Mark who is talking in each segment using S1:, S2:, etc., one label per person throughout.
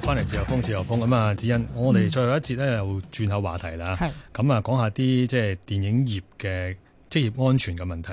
S1: 翻嚟自由風，自由風。咁啊，嗯、子欣，我哋最後一節咧又轉下話題啦。係咁啊，講下啲即係電影業嘅職業安全嘅問題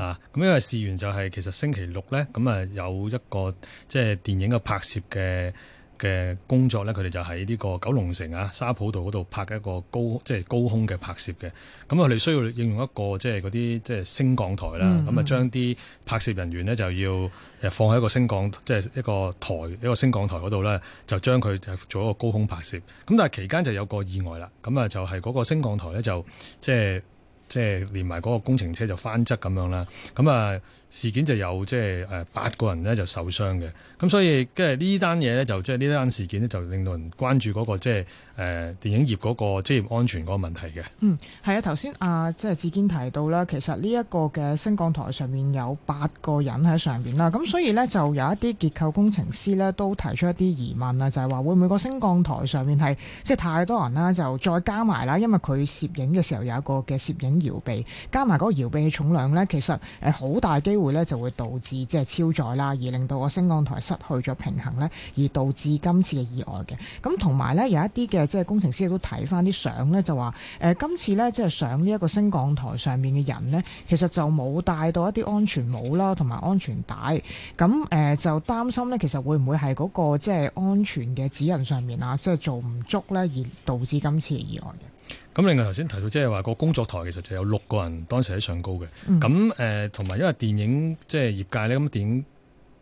S1: 啊。咁、嗯、因為事源就係其實星期六咧，咁啊有一個即係電影嘅拍攝嘅。嘅工作呢，佢哋就喺呢個九龍城啊沙浦道嗰度拍一個高即係、就是、高空嘅拍攝嘅。咁啊，佢哋需要應用一個即係嗰啲即係升降台啦。咁啊、嗯，將啲拍攝人員呢，就要放喺一個升降即係、就是、一個台一個升降台嗰度呢，就將佢就做一個高空拍攝。咁但係期間就有個意外啦。咁啊，就係、是、嗰個升降台呢，就即係即係連埋嗰個工程車就翻側咁樣啦。咁啊～事件就有即係誒八個人咧就受傷嘅，咁所以即係呢單嘢咧就即係呢單事件咧就令到人關注嗰個即係誒電影業嗰個職業安全嗰個問題嘅。嗯，
S2: 係啊，頭先阿即係志堅提到啦，其實呢一個嘅升降台上面有八個人喺上邊啦，咁所以咧就有一啲結構工程師咧都提出一啲疑問啦，就係話會唔會個升降台上面係即係太多人啦，就再加埋啦，因為佢攝影嘅時候有一個嘅攝影搖臂，加埋嗰個搖臂嘅重量咧，其實誒好大機會。會咧就會導致即係超載啦，而令到個升降台失去咗平衡咧，而導致今次嘅意外嘅。咁同埋咧有一啲嘅即係工程師都睇翻啲相咧，就話誒今次咧即係上呢一個升降台上面嘅人咧，其實就冇帶到一啲安全帽啦，同埋安全帶。咁誒就擔心咧，其實會唔會係嗰個即係安全嘅指引上面啊，即係做唔足咧，而導致今次嘅意外嘅。咁
S1: 另外頭先提到，即係話個工作台其實就有六個人當時喺上高嘅。咁誒、嗯，同埋因為電影即係業界呢，咁電影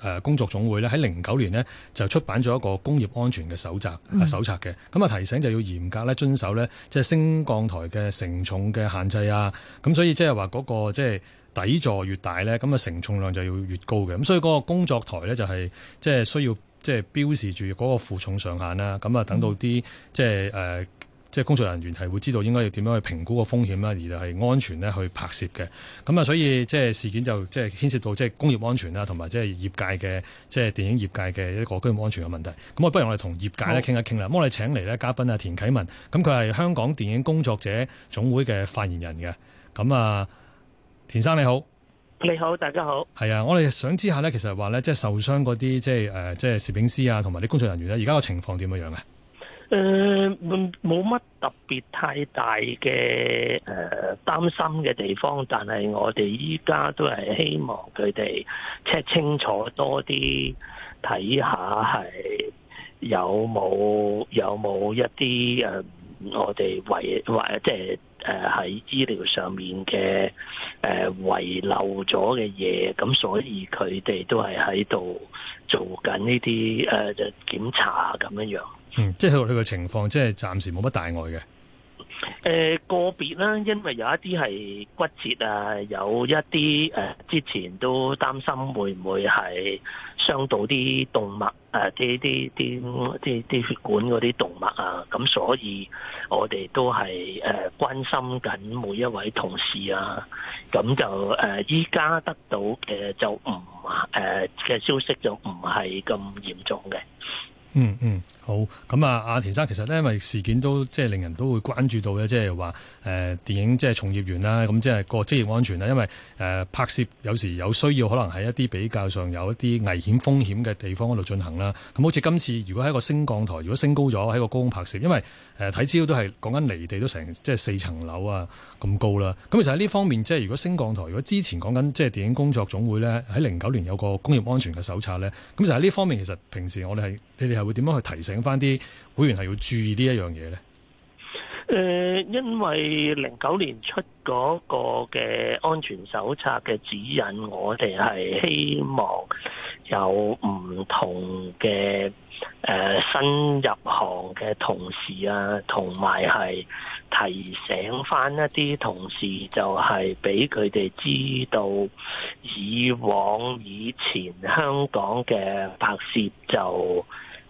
S1: 誒工作總會呢，喺零九年呢就出版咗一個工業安全嘅守則啊手冊嘅。咁啊、嗯、提醒就要嚴格咧遵守呢，即係升降台嘅承重嘅限制啊。咁所以即係話嗰個即係底座越大呢，咁啊承重量就要越高嘅。咁所以嗰個工作台呢，就係即係需要即係標示住嗰個負重上限啦。咁啊等到啲即係誒。嗯即係工作人員係會知道應該要點樣去評估個風險啦，而係安全咧去拍攝嘅。咁啊，所以即係事件就即係牽涉到即係工業安全啦，同埋即係業界嘅即係電影業界嘅一個居誤安全嘅問題。咁啊，不如我哋同業界咧傾一傾啦。咁好我哋請嚟呢嘉賓啊，田啟文。咁佢係香港電影工作者總會嘅發言人嘅。咁啊，田生你好。你好，大家好。係啊，我哋想知下呢，其實話呢，即係受傷嗰啲即係誒，即係、呃、攝影師啊，同埋啲工作人員咧，而家個情況點樣樣嘅？誒冇乜
S3: 特別太大嘅誒、呃、擔心嘅地方，但係我哋依家都係希望佢哋 check 清楚多啲，睇下係有冇有冇一啲誒、呃、我哋遺或即係誒喺醫療上面嘅誒、呃、遺漏咗嘅嘢，咁所以佢哋都係喺度做緊呢啲誒嘅檢查咁樣
S1: 樣。嗯，即係佢個情況，即係暫時冇乜大礙嘅。
S3: 誒、呃，個別啦，因為有一啲係骨折啊，有一啲誒、呃，之前都擔心會唔會係傷到啲動脈誒，啲啲啲啲啲血管嗰啲動脈啊，咁、呃、所以我哋都係誒關心緊每一位同事啊，咁就誒依家得到嘅就唔誒嘅消息就唔係咁嚴重嘅、嗯。嗯嗯。
S1: 好，咁、嗯、啊，阿田生，其實咧，因為事件都即係令人都會關注到嘅，即係話誒電影即係從業員啦，咁即係個職業安全啦。因為誒、呃、拍攝有時有需要，可能喺一啲比較上有一啲危險風險嘅地方嗰度進行啦。咁好似今次，如果喺個升降台，如果升高咗喺個高空拍攝，因為誒睇資料都係講緊離地都成即係四層樓啊咁高啦。咁、嗯、其實喺呢方面，即係如果升降台，如果之前講緊即係電影工作總會咧，喺零九年有個工業安全嘅手冊咧。咁、嗯、其實喺呢方面，其實平時我哋係你哋係會點樣去提醒？請翻啲會員係要注意呢一樣嘢咧。
S3: 誒、呃，因為零九年出嗰個嘅安全手冊嘅指引，我哋係希望有唔同嘅誒、呃、新入行嘅同事啊，同埋係提醒翻一啲同事，就係俾佢哋知道以往以前香港嘅拍攝就。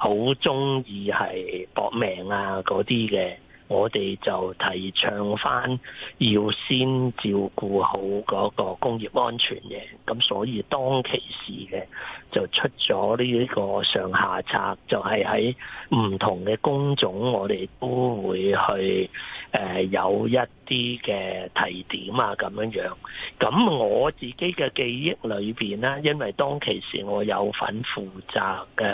S3: 好中意係搏命啊！嗰啲嘅，我哋就提倡翻要先照顧好嗰個工業安全嘅。咁所以當其時嘅就出咗呢一個上下策，就係喺唔同嘅工種，我哋都會去誒、呃、有一。啲嘅提點啊，咁樣樣，咁我自己嘅記憶裏邊咧，因為當其時我有份負責嘅，誒、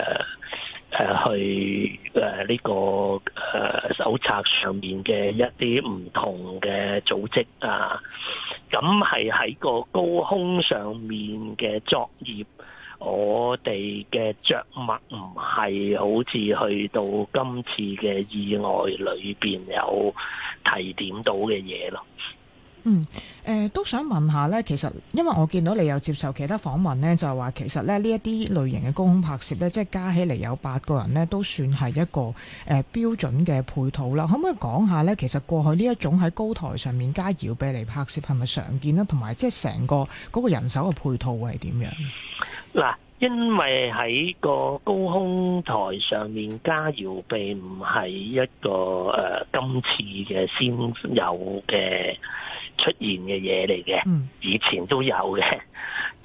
S3: 啊、去誒呢、啊呢個誒手冊上面嘅一啲唔同嘅組織啊，咁係喺個高空上面嘅作業。我哋嘅著墨唔係好似去到今次嘅意外裏邊有提點到嘅嘢咯。
S2: 嗯，誒、呃，都想問下咧，其實因為我見到你有接受其他訪問咧，就係、是、話其實咧，呢一啲類型嘅高空拍攝咧，即係加起嚟有八個人咧，都算係一個誒、呃、標準嘅配套啦。可唔可以講下咧？其實過去呢一種喺高台上面加搖臂嚟拍攝係咪常見咧？同埋即係成個嗰個人手嘅配套係點樣？
S3: 嗱，因為喺個高空台上面加搖臂唔係一個誒、呃、今次嘅先有嘅。出現嘅嘢嚟嘅，以前都有嘅，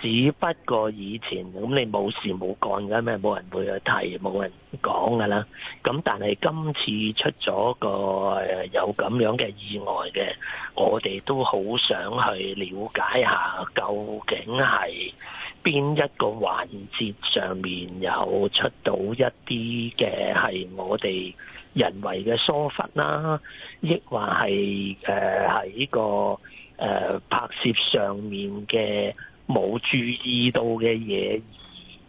S3: 只不過以前咁你冇事冇幹嘅咩，冇人會去提，冇人講㗎啦。咁但係今次出咗個有咁樣嘅意外嘅，我哋都好想去了解下，究竟係邊一個環節上面有出到一啲嘅係我哋。人為嘅疏忽啦，亦話係誒喺呢個誒拍攝上面嘅冇注意到嘅嘢而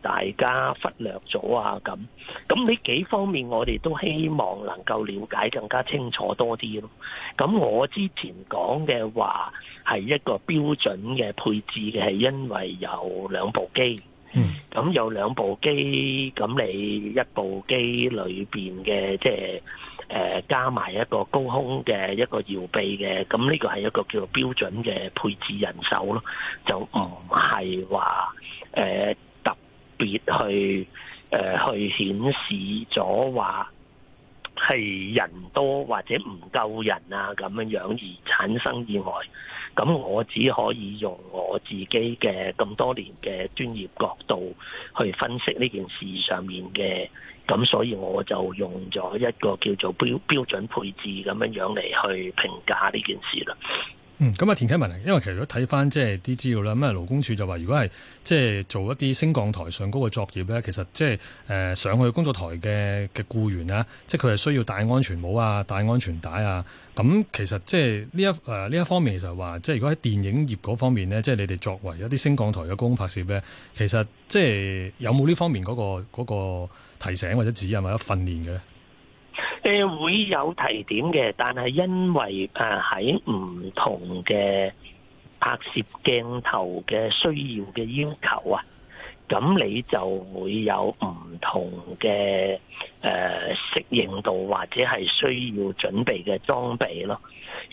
S3: 大家忽略咗啊，咁，咁呢幾方面我哋都希望能夠了解更加清楚多啲咯。咁我之前講嘅話係一個標準嘅配置嘅，係因為有兩部機。咁、嗯、有兩部機，咁你一部機裏邊嘅即係誒加埋一個高空嘅一個搖臂嘅，咁呢個係一個叫做標準嘅配置人手咯，就唔係話誒特別去誒、呃、去顯示咗話。係人多或者唔夠人啊咁樣樣而產生意外，咁我只可以用我自己嘅咁多年嘅專業角度去分析呢件事上面嘅，咁所以我就用咗一個叫做標標準配置咁樣樣嚟去評價呢件事啦。
S1: 嗯，咁啊，田啟文啊，因為其實如果睇翻即係啲資料啦，咁啊勞工處就話，如果係即係做一啲升降台上高嘅作業咧，其實即係誒上去工作台嘅嘅僱員啊，即係佢係需要戴安全帽啊、戴安全帶啊。咁，嗯，其實即係呢一誒呢，呃，一方面，其實話即係如果喺電影業嗰方面咧，即係你哋作為一啲升降台嘅高空拍攝咧，其實即係有冇呢方面嗰個提醒或者指引或者訓練嘅咧？
S3: 誒會有提點嘅，但係因為誒喺唔同嘅拍攝鏡頭嘅需要嘅要求啊，咁你就會有唔同嘅誒適應度，或者係需要準備嘅裝備咯。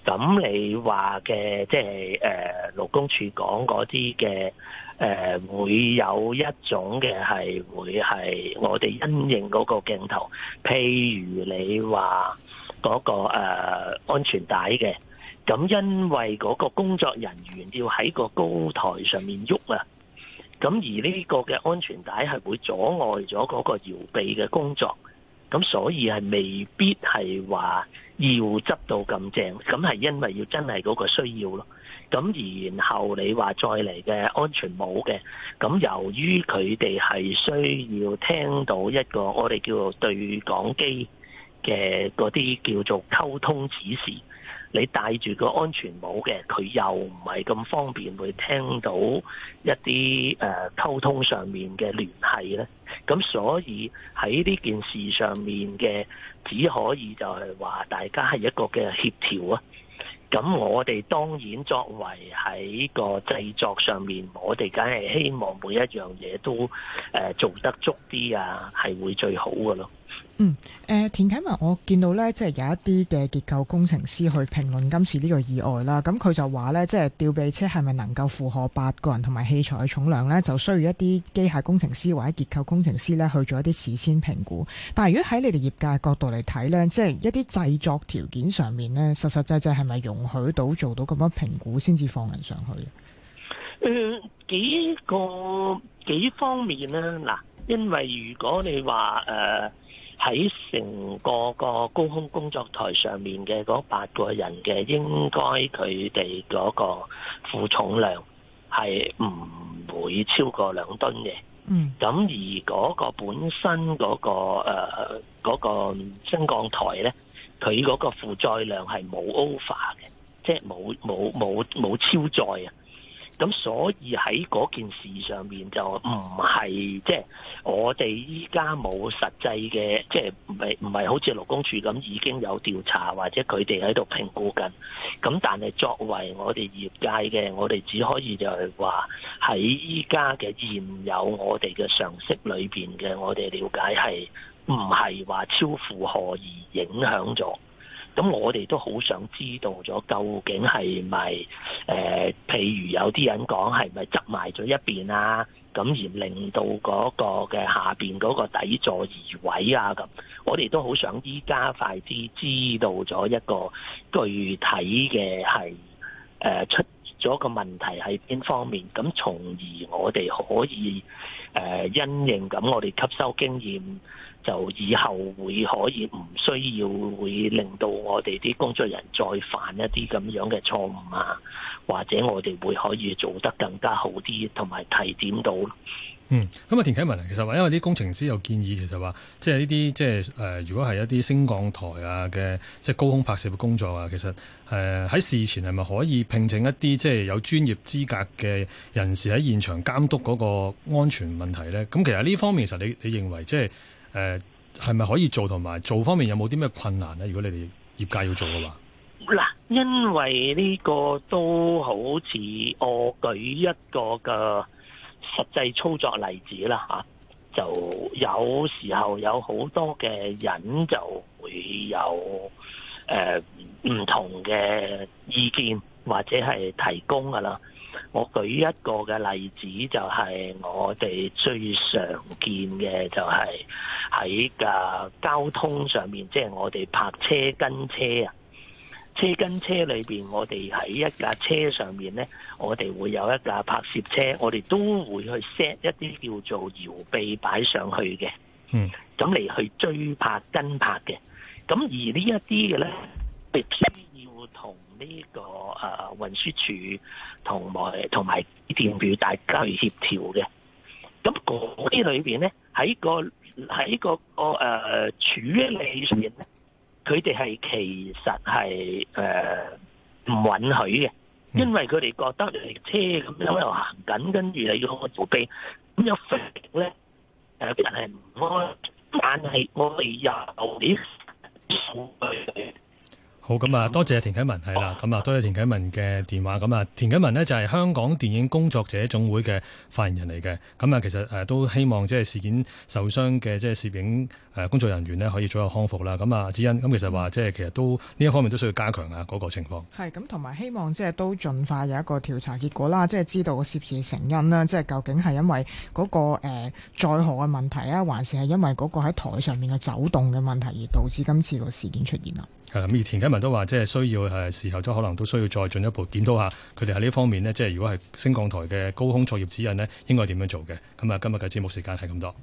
S3: 咁你話嘅即係誒勞工處講嗰啲嘅。就是呃誒、呃、會有一種嘅係會係我哋因應嗰個鏡頭，譬如你話嗰、嗰個、呃、安全帶嘅，咁因為嗰個工作人員要喺個高台上面喐啊，咁而呢個嘅安全帶係會阻礙咗嗰個搖臂嘅工作，咁所以係未必係話要執到咁正，咁係因為要真係嗰個需要咯。咁然後你話再嚟嘅安全帽嘅，咁由於佢哋係需要聽到一個我哋叫做對講機嘅嗰啲叫做溝通指示，你戴住個安全帽嘅，佢又唔係咁方便會聽到一啲誒溝通上面嘅聯繫咧。咁所以喺呢件事上面嘅，只可以就係話大家係一個嘅協調啊。咁我哋當然作為喺個製作上面，我哋梗係希望每一樣嘢都誒做得足啲啊，係會最好嘅咯。
S2: 嗯，誒、呃，田啟文，我見到咧，即係有一啲嘅結構工程師去評論今次呢個意外啦。咁佢就話咧，即係吊臂車係咪能夠負荷八個人同埋器材嘅重量咧？就需要一啲機械工程師或者結構工程師咧去做一啲事先評估。但係如果喺你哋業界角度嚟睇咧，即係一啲製作條件上面咧，實實際際係咪容許到做到咁樣評估先至放人上去？嗯、呃，
S3: 幾個幾方面咧，嗱。因為如果你話誒喺成個個高空工作台上面嘅嗰八個人嘅，應該佢哋嗰個負重量係唔會超過兩噸嘅。嗯，咁而嗰個本身嗰、嗰個誒、呃嗰個、升降台咧，佢嗰個負載量係冇 over 嘅，即係冇冇冇冇超載啊！咁所以喺嗰件事上面就唔係，即係我哋依家冇實際嘅，即係唔係唔係好似勞工處咁已經有調查或者佢哋喺度評估緊，咁但係作為我哋業界嘅，我哋只可以就係話，喺依家嘅現有我哋嘅常識裏邊嘅，我哋了解係唔係話超負荷而影響咗。咁我哋都好想知道咗究竟係咪誒，譬如有啲人講係咪執埋咗一邊啊？咁而令到嗰個嘅下邊嗰個底座移位啊？咁我哋都好想依家快啲知道咗一個具體嘅係誒出咗個問題喺邊方面？咁從而我哋可以誒、呃、因應，咁我哋吸收經驗，就以後會可以唔需要會令到我哋啲工作人員再犯一啲咁樣嘅錯誤啊，或者我哋會可以做得更加好啲，同埋提點到。
S1: 嗯，咁啊，田啟文其實話因為啲工程師有建議，其實話即係呢啲即係誒、呃，如果係一啲升降台啊嘅即係高空拍攝嘅工作啊，其實誒喺、呃、事前係咪可以聘請一啲即係有專業資格嘅人士喺現場監督嗰個安全問題呢？咁其實呢方面其實你你認為即係誒係咪可以做同埋做方面有冇啲咩困難呢？如果你哋業界要做嘅話，嗱，因
S3: 為呢個都好似我舉一個㗎。實際操作例子啦嚇，就有時候有好多嘅人就會有誒唔同嘅意見或者係提供噶啦。我舉一個嘅例子就係我哋最常見嘅就係喺個交通上面，即係我哋泊車跟車啊。車跟車裏邊，我哋喺一架車上面咧，我哋會有一架拍攝車，我哋都會去 set 一啲叫做搖臂擺上去嘅，嗯，咁嚟，去追拍跟拍嘅。咁而一呢一啲嘅咧，必須要同呢、這個誒運輸署同埋同埋電表大家去協調嘅。咁嗰啲裏邊咧，喺個喺嗰個誒、呃、處理上面咧。佢哋係其實係誒唔允許嘅，因為佢哋覺得你車咁樣喺度行緊，跟住你要開部機，咁有飛咧誒啲人係唔開，但係我哋廿六年數據。
S1: 好咁啊，多謝田啟文係啦。咁啊，多謝田啟文嘅電話。咁啊，田啟文咧就係香港電影工作者總會嘅發言人嚟嘅。咁啊，其實誒都希望即係事件受傷嘅即係攝影誒工作人員咧可以早日康復啦。咁啊，子欣咁其實話即係其實都呢一方面都需要加強啊。嗰個情況
S2: 係咁，同埋希望即係都盡快有一個調查結果啦，即係知道個涉事成因啦。即係究竟係因為嗰個誒載荷嘅問題啊，還是係因為嗰個喺台上面嘅走動嘅問題而導致今次個事件出現啊？
S1: 誒葉田啟文都話，即係需要誒時候都可能都需要再進一步檢討下，佢哋喺呢方面咧，即係如果係升降台嘅高空作業指引咧，應該點樣做嘅？咁啊，今日嘅節目時間係咁多。